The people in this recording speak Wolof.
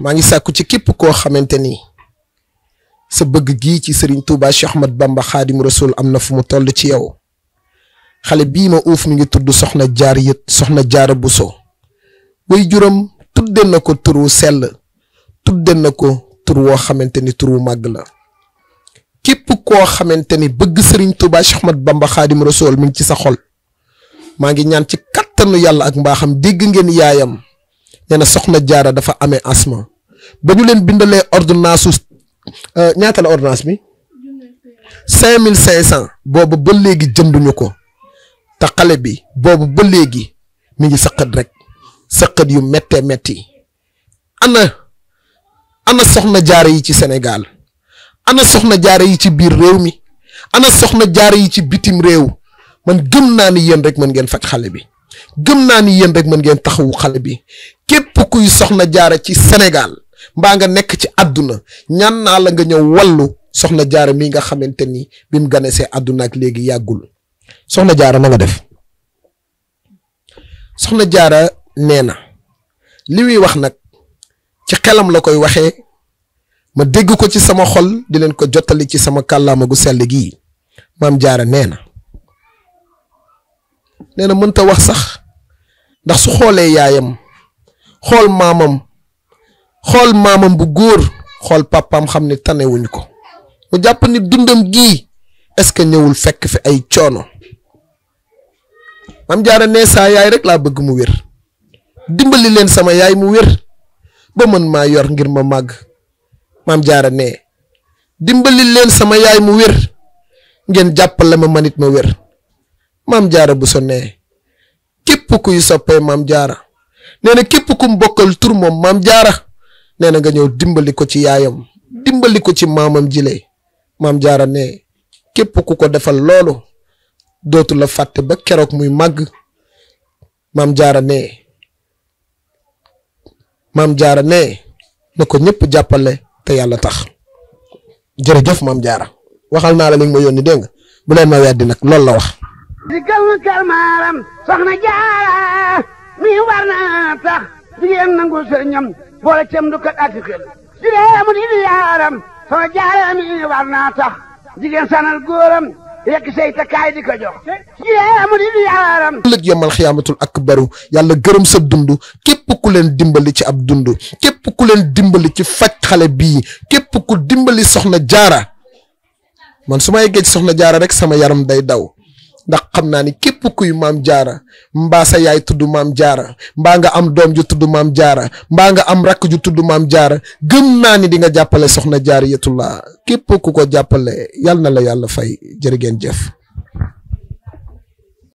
maa ngi sàkku ci képp koo xamante ni sa bëgg gii ci sëriñ Touba Cheikh Ahmad Bamba Xaadim Rasul am na fu mu toll ci yow xale bii ma uuf mi ngi tudd soxna jaar yët soxna jaara Buso way juram tudde na ko tur turu sell tudde na ko tur woo xamante ni turu màgg la képp koo xamante ni bëgg sëriñ Touba Cheikh Ahmad Bamba Xaadim Rasul mi ngi ci sa xol maa ngi ñaan ci kattanu yàlla ak mbaaxam dégg ngeen yaayam nee na soxna jaara dafa amee asma ba ñu leen bindalee ordonnance su euh, ñaata la bi cinq mille cinq cent ba léegi jënduñu ko te bi boobu ba léegi mi ngi sëqat rek sëqat yu mettee métti ana ana soxna jaara yi ci Sénégal ana soxna jaara yi ci biir réew mi ana soxna jaara yi ci bitim réew man gëm naa ni yéen rek mën ngeen faj xale bi gëm naa ni yéen rek mën ngeen taxawu xale bi képp kuy soxna jaara ci Sénégal mbaa nga nekk ci àdduna ñaan naa la nga ñëw wallu soxna jaara mi nga xamante ni bi mu ganesee àdduna ak léegi yàggul soxna jaara na nga def soxna jaara nee na li muy wax nag ci xelam la koy waxee ma dégg ko ci sama xol di leen ko jottali ci sama kàllaama gu sell gii maam jaara nee na nee mën ta wax sax ndax su xoolee yaayam xool maamam xool maamam bu góor xool papam xam ne tanewuñ ko mu jàpp ni dundam gii est-ce que ñëwul fekk fi ay coono mam jaara ne sa yaay rek laa bëgg mu wér dimbali leen sama yaay mu wér ba mën maa yor ngir ma màgg mam jaara ne dimbali leen sama yaay mu wér ngeen jàppale ma manit ma wér maam jaara bu so nee képp kuy soppee maam jaara nee na képp kum bokkal tur moom maam jaara nee na nga ñëw dimbali ko ci yaayam dimbali ko ci maamam jile maam jaara ne képp ku ko defal loolu dootu la fàtte ba keroog muy màgg maam jaara ne maam jaara ne na ko ñëpp jàppale te yàlla tax jërëjëf maam jaara waxal naa la li ma yónni dégg nga bu leen ma weddi nag loolu la wax dikkal kër maaram soxna jaara mi war na tax jigéen nangul sëriñam boole cem du kat ak xel mu di di yaaram soxna jaara mi war na tax jigéen sanal góoram yekk say takkaay di ko jox di mu di di yaaram ëllëg yomal xiyaamatul akbaru yàlla gërëm sa dund képp ku dimbali ci ab dund képp ku dimbali ci faj xale bii képp dimbali soxna jaara man su ma yeggee ci soxna jaara rek sama yaram day daw ndax xam naa ni képp kuy maam jaara mbasa yaay tudd maam jaara mbaa nga am doom ju tudd maam jaara mbaa nga am rakk ju tudd maam jaara gëm naa ni di nga jàppale soxna jaariyatullah képp ku ko jàppale yàlla na la yàlla fay jërë ngeen jëf